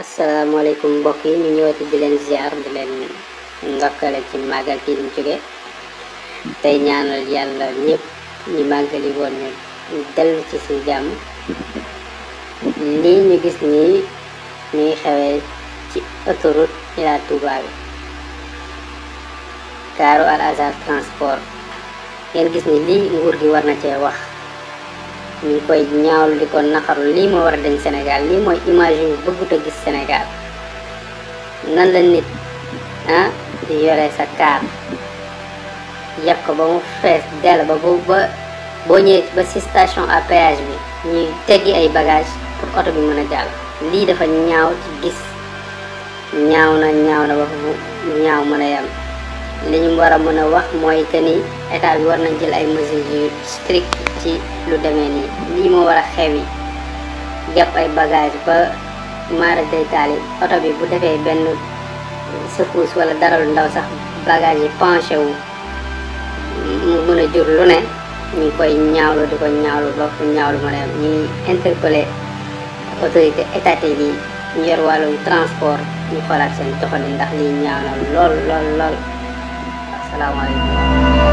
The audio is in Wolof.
asalaamaaleykum mbokk yi ñu ñëwati di leen ziar di leen ndokkale ci màggal gi ñu jóge tey ñaanal yàlla ñëpp ñu màggali woon ñu dellu ci si jàmm lii ñu gis nii ñuy xewee ci autoroute Ila Touba bi kaaru Al Azhar transport ngeen gis ni lii nguur gi war na cee wax ñu koy ñaawlu di ko naqaru lii moo war a dañ Sénégal lii mooy image yu bëggut a gis Sénégal nan la nit ah yore sa kaar yeb ko ba mu fees dell ba bu ba boo ñëwee ba si station à péage bi ñuy teggi ay bagage pour oto bi mën a jàll lii dafa ñaaw ci gis ñaaw na ñaaw na ba fu ñaaw mën a yem li ñu war a mën a wax mooy que ni état bi war nañ jël ay mesures yu strict ci lu demee nii lii moo war a xew yi jàpp ay bagage ba maara day taal yi oto bi bu defee benn secousse wala dara lu ndaw sax bagage yi penché wu mu mën a jur lu ne ñu koy ñaawlu di ko ñaawlu ba fu ñaawlu ma dem ñuy interpellé autorité étatique yi ñu yor wàllum transport ñu xoolaat seen doxalin ndax lii ñaaw lool lool असलकम